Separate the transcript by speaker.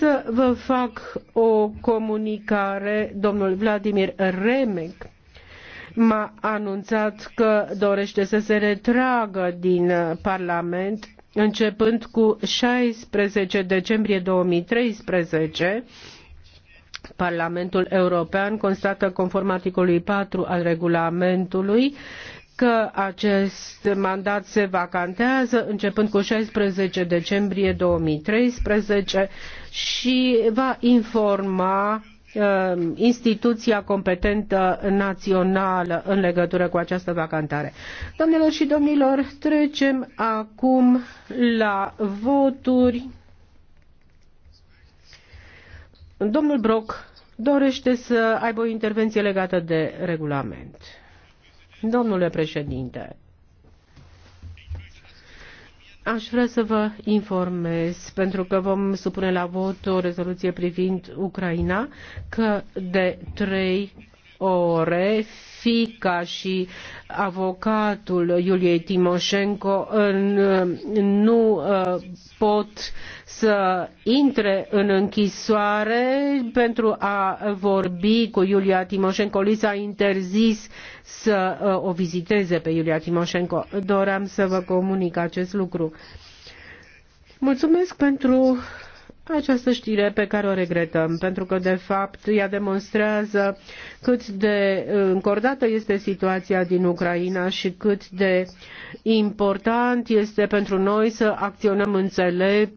Speaker 1: să vă fac o comunicare. Domnul Vladimir Remec m-a anunțat că dorește să se retragă din Parlament începând cu 16 decembrie 2013 Parlamentul European constată conform articolului 4 al regulamentului că acest mandat se vacantează începând cu 16 decembrie 2013 și va informa um, instituția competentă națională în legătură cu această vacantare. Doamnelor și domnilor, trecem acum la voturi. Domnul Brock dorește să aibă o intervenție legată de regulament. Domnule președinte, Aș vrea să vă informez, pentru că vom supune la vot o rezoluție privind Ucraina, că de trei ore fica și avocatul Iuliei Timoșenko nu uh, pot să intre în închisoare pentru a vorbi cu Iulia Timoșenko. Li s-a interzis să uh, o viziteze pe Iulia Timoșenko. Doream să vă comunic acest lucru. Mulțumesc pentru această știre pe care o regretăm, pentru că, de fapt, ea demonstrează cât de încordată este situația din Ucraina și cât de important este pentru noi să acționăm înțelept